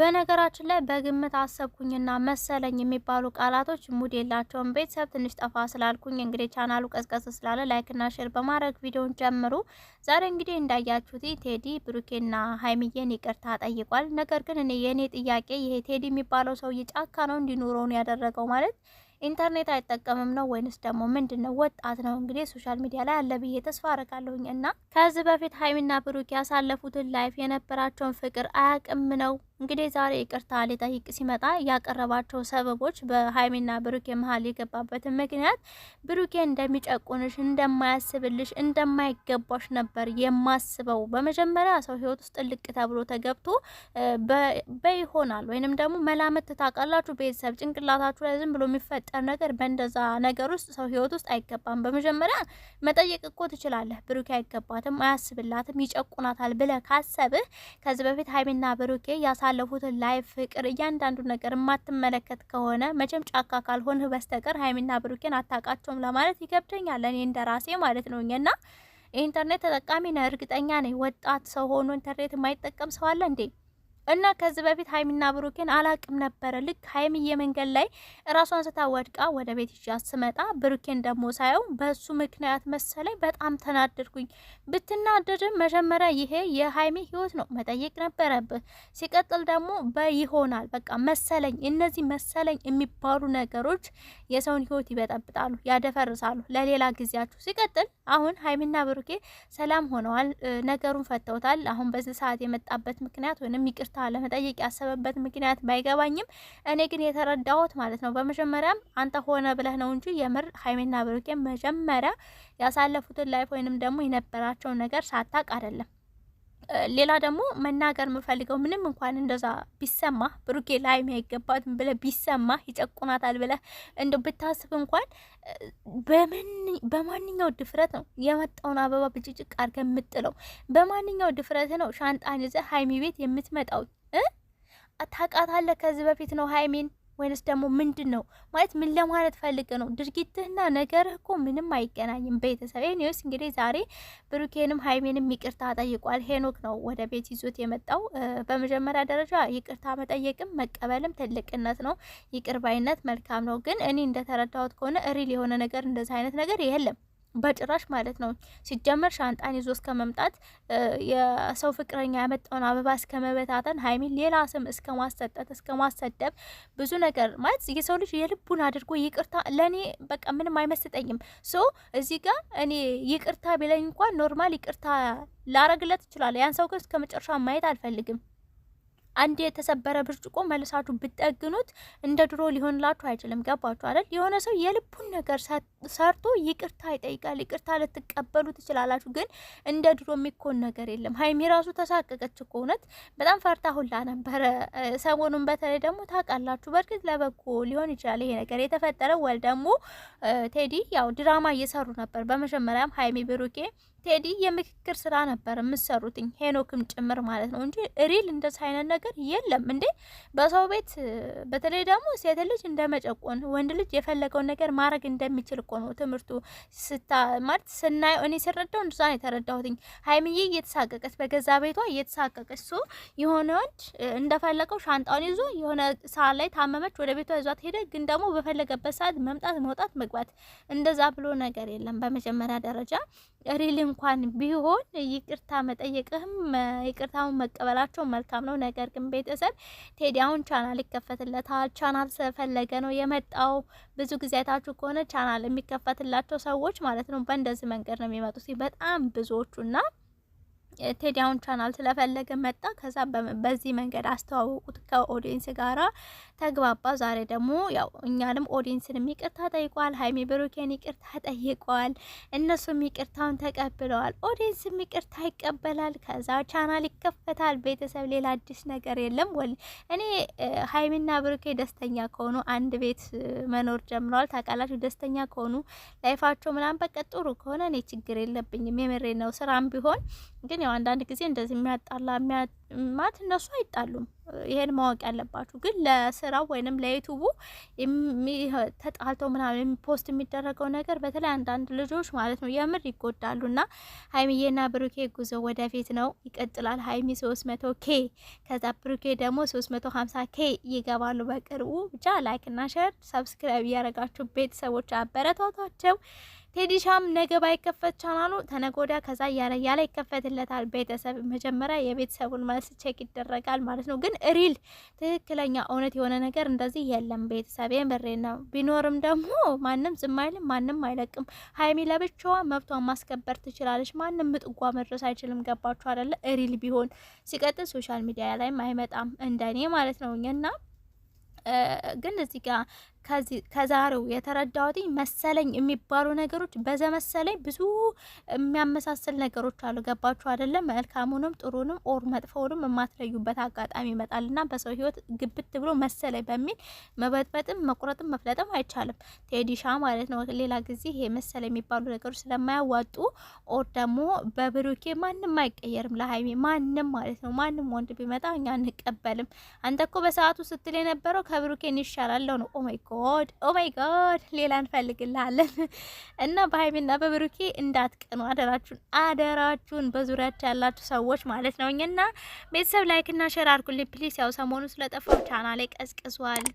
በነገራችን ላይ በግምት አሰብኩኝና መሰለኝ የሚባሉ ቃላቶች ሙድ የላቸውም። ቤተሰብ ትንሽ ጠፋ ስላልኩኝ እንግዲህ ቻናሉ ቀዝቀዝ ስላለ ላይክና ሼር በማድረግ ቪዲዮን ጀምሩ። ዛሬ እንግዲህ እንዳያችሁት ቴዲ ብሩኬና ሀይሚዬን ይቅርታ ጠይቋል። ነገር ግን እኔ የእኔ ጥያቄ ይሄ ቴዲ የሚባለው ሰው ጫካ ነው እንዲኖረውን ያደረገው ማለት ኢንተርኔት አይጠቀምም ነው ወይንስ ደግሞ ምንድን ነው? ወጣት ነው እንግዲህ ሶሻል ሚዲያ ላይ አለ ብዬ ተስፋ አረጋለሁኝ እና ከዚህ በፊት ሀይሚና ብሩክ ያሳለፉትን ላይፍ የነበራቸውን ፍቅር አያቅም ነው እንግዲህ ዛሬ ይቅርታ ሊጠይቅ ሲመጣ ያቀረባቸው ሰበቦች በሀይሚና ብሩኬ መሀል የገባበትን ምክንያት ብሩኬ እንደሚጨቁንሽ፣ እንደማያስብልሽ፣ እንደማይገባሽ ነበር የማስበው። በመጀመሪያ ሰው ህይወት ውስጥ ጥልቅ ተብሎ ተገብቶ በይሆናል ወይንም ደግሞ መላመት ታውቃላችሁ፣ ቤተሰብ ጭንቅላታችሁ ላይ ዝም ብሎ የሚፈጠር ነገር በእንደዛ ነገር ውስጥ ሰው ህይወት ውስጥ አይገባም። በመጀመሪያ መጠየቅ እኮ ትችላለህ። ብሩኬ አይገባትም፣ አያስብላትም፣ ይጨቁናታል ብለህ ካሰብህ ከዚህ በፊት ሀይሚና ብሩኬ ያሳ የምታሳለፉትን ላይፍ፣ ፍቅር፣ እያንዳንዱ ነገር የማትመለከት ከሆነ መቼም ጫካ ካልሆንህ በስተቀር ሀይሚና ብሩኬን አታውቃቸውም ለማለት ይከብደኛል። እኔ እንደ ራሴ ማለት ነው እና ኢንተርኔት ተጠቃሚ ነህ፣ እርግጠኛ ነኝ። ወጣት ሰው ሆኖ ኢንተርኔት የማይጠቀም ሰው አለ እንዴ? እና ከዚህ በፊት ሀይሚና ብሩኬን አላቅም ነበረ። ልክ ሀይሚ የመንገድ ላይ ራሷን ስታ ወድቃ ወደ ቤት ይዣት ስመጣ ብሩኬን ደግሞ ሳየው በሱ ምክንያት መሰለኝ በጣም ተናደድኩኝ። ብትናደድም መጀመሪያ ይሄ የሀይሚ ህይወት ነው መጠየቅ ነበረብህ። ሲቀጥል ደግሞ በይሆናል በቃ መሰለኝ፣ እነዚህ መሰለኝ የሚባሉ ነገሮች የሰውን ህይወት ይበጠብጣሉ፣ ያደፈርሳሉ። ለሌላ ጊዜያችሁ። ሲቀጥል አሁን ሀይሚና ብሩኬ ሰላም ሆነዋል፣ ነገሩን ፈተውታል። አሁን በዚህ ሰዓት የመጣበት ምክንያት ወይም ይቅርታ ለመጠየቅ ያሰበበት ምክንያት ባይገባኝም እኔ ግን የተረዳሁት ማለት ነው በመጀመሪያም አንተ ሆነ ብለህ ነው እንጂ የምር ሀይሜና ብሩኬ መጀመሪያ ያሳለፉትን ላይፍ ወይንም ደግሞ የነበራቸውን ነገር ሳታቅ አይደለም። ሌላ ደግሞ መናገር የምፈልገው ምንም እንኳን እንደዛ ቢሰማ ብሩኬ ላይ አይገባትም ብለ ቢሰማ ይጨቁናታል ብለ እንደ ብታስብ እንኳን በማንኛው ድፍረት ነው የመጣውን አበባ ብጭጭቅ አርገ የምጥለው? በማንኛው ድፍረት ነው ሻንጣን ይዘ ሀይሚ ቤት የምትመጣው? ታውቃታለህ። ከዚህ በፊት ነው ሀይሚን ወይንስ ደግሞ ምንድን ነው ማለት ምን ለማለት ፈልገ ነው? ድርጊትህና ነገርህ እኮ ምንም አይገናኝም። ቤተሰብ ኒውስ እንግዲህ ዛሬ ብሩኬንም ሀይሜንም ይቅርታ ጠይቋል። ሄኖክ ነው ወደ ቤት ይዞት የመጣው። በመጀመሪያ ደረጃ ይቅርታ መጠየቅም መቀበልም ትልቅነት ነው። ይቅርባይነት መልካም ነው። ግን እኔ እንደተረዳሁት ከሆነ ሪል የሆነ ነገር እንደዚህ አይነት ነገር የለም በጭራሽ ማለት ነው። ሲጀመር ሻንጣን ይዞ እስከ መምጣት የሰው ፍቅረኛ ያመጣውን አበባ እስከ መበታተን፣ ሀይሚን ሌላ ስም እስከ ማሰጠት፣ እስከ ማሰደብ ብዙ ነገር ማለት የሰው ልጅ የልቡን አድርጎ ይቅርታ ለእኔ በቃ ምንም አይመስጠኝም። ሶ እዚህ ጋር እኔ ይቅርታ ቢለኝ እንኳን ኖርማል ይቅርታ ላረግለት እችላለሁ። ያን ሰው ግን እስከ መጨረሻ ማየት አልፈልግም። አንድ የተሰበረ ብርጭቆ መልሳችሁ ብጠግኑት እንደ ድሮ ሊሆንላችሁ አይችልም። ገባችሁ አይደል? የሆነ ሰው የልቡን ነገር ሰርቶ ይቅርታ ይጠይቃል። ይቅርታ ልትቀበሉ ትችላላችሁ። ግን እንደ ድሮ የሚኮን ነገር የለም። ሀይሚ ራሱ ተሳቀቀች እኮ እውነት በጣም ፈርታ ሁላ ነበረ። ሰሞኑን በተለይ ደግሞ ታውቃላችሁ፣ በእርግጥ ለበጎ ሊሆን ይችላል ይሄ ነገር የተፈጠረው ወል ደግሞ ቴዲ ያው ድራማ እየሰሩ ነበር። በመጀመሪያም ሀይሚ ብሩኬ ቴዲ የምክክር ስራ ነበር የምሰሩትኝ ሄኖክም ጭምር ማለት ነው እንጂ ሪል እንደዚህ አይነት ነገር የለም እንዴ በሰው ቤት። በተለይ ደግሞ ሴት ልጅ እንደመጨቆን ወንድ ልጅ የፈለገውን ነገር ማድረግ እንደሚችል እኮ ነው ትምህርቱ ስታ ማለት ስናየው፣ እኔ ስረዳው እንደዛ ነው የተረዳሁትኝ። ሀይምዬ እየተሳቀቀች በገዛ ቤቷ እየተሳቀቀች ሶ የሆነ ወንድ እንደፈለገው ሻንጣውን ይዞ የሆነ ሰዓት ላይ ታመመች፣ ወደ ቤቷ ይዟት ሄደ። ግን ደግሞ በፈለገበት ሰዓት መምጣት፣ መውጣት፣ መግባት እንደዛ ብሎ ነገር የለም በመጀመሪያ ደረጃ ሪል እንኳን ቢሆን ይቅርታ መጠየቅህም ይቅርታውን መቀበላቸው መልካም ነው። ነገር ግን ቤተሰብ ቴዲ አሁን ቻናል ይከፈትለታል። ቻናል ስለፈለገ ነው የመጣው። ብዙ ጊዜ አይታችሁ ከሆነ ቻናል የሚከፈትላቸው ሰዎች ማለት ነው በእንደዚህ መንገድ ነው የሚመጡት በጣም ብዙዎቹና ቴዲያውን ቻናል ስለፈለገ መጣ። ከዛ በዚህ መንገድ አስተዋወቁት፣ ከኦዲንስ ጋራ ተግባባ። ዛሬ ደግሞ ያው እኛንም ኦዲየንስንም ይቅርታ ጠይቋል። ሀይሚ ብሩኬን ይቅርታ ጠይቋል። እነሱም ይቅርታውን ተቀብለዋል። ኦዲየንስም ይቅርታ ይቀበላል። ከዛ ቻናል ይከፈታል። ቤተሰብ ሌላ አዲስ ነገር የለም። ወል እኔ ሀይሚና ብሩኬ ደስተኛ ከሆኑ አንድ ቤት መኖር ጀምረዋል። ታውቃላችሁ፣ ደስተኛ ከሆኑ ላይፋቸው ምናምን በቃ ጥሩ ከሆነ እኔ ችግር የለብኝም። የምሬ ነው ስራም ቢሆን ግን ያው አንዳንድ ጊዜ እንደዚህ የሚያጣላ ማለት እነሱ አይጣሉም። ይሄን ማወቅ ያለባችሁ ግን ለስራው ወይንም ለዩቱቡ ተጣልተው ምናምን ፖስት የሚደረገው ነገር በተለይ አንዳንድ ልጆች ማለት ነው የምር ይጎዳሉ። እና ሀይሚዬና ብሩኬ ጉዞ ወደፊት ነው ይቀጥላል። ሀይሚ ሶስት መቶ ኬ ከዛ ብሩኬ ደግሞ ሶስት መቶ ሀምሳ ኬ ይገባሉ በቅርቡ። ብቻ ላይክና ሸር ሰብስክራይብ እያደረጋችሁ ቤተሰቦች አበረታቷቸው። ሄዲሻም ነገ ባይከፈት ቻናሉ ተነጎዳ ከዛ እያለ እያለ ይከፈትለታል። ቤተሰብ መጀመሪያ የቤተሰቡን መልስ ቼክ ይደረጋል ማለት ነው። ግን ሪል ትክክለኛ እውነት የሆነ ነገር እንደዚህ የለም። ቤተሰብ የምሬ ነው። ቢኖርም ደግሞ ማንም ዝም አይልም፣ ማንም አይለቅም። ሀይሚ ለብቻዋ መብቷን ማስከበር ትችላለች። ማንም ምጥጓ መድረስ አይችልም። ገባችሁ አይደለ? ሪል ቢሆን ሲቀጥል ሶሻል ሚዲያ ላይም አይመጣም እንደኔ ማለት ነው እና ግን እዚህ ጋር ከዛሬው የተረዳሁት መሰለኝ የሚባሉ ነገሮች በዘመሰለኝ ብዙ የሚያመሳስል ነገሮች አሉ። ገባችሁ አይደለም? መልካሙንም ጥሩንም ኦር መጥፎውንም የማትለዩበት አጋጣሚ ይመጣል እና በሰው ህይወት ግብት ብሎ መሰለኝ በሚል መበጥበጥም መቁረጥም መፍለጥም አይቻልም። ቴዲሻ ማለት ነው። ሌላ ጊዜ ይሄ መሰለኝ የሚባሉ ነገሮች ስለማያዋጡ ኦር ደግሞ በብሩኬ ማንም አይቀየርም። ለሀይሜ ማንም ማለት ነው ማንም ወንድ ቢመጣ እኛ አንቀበልም። አንተ እኮ በሰዓቱ ስትል የነበረው ከብሩኬን ይሻላለው ነው ኦማይኮ ጎድ ኦ ማይ ጎድ፣ ሌላ እንፈልግልሃለን እና በሀይሚና በብሩኬ እንዳትቀኑ አደራችሁን፣ አደራችሁን በዙሪያቸው ያላችሁ ሰዎች ማለት ነው። እና ቤተሰብ ላይክና ሸር አድርጉልኝ ፕሊስ። ያው ሰሞኑ ስለጠፋው ቻና ላይ ቀዝቅዟል።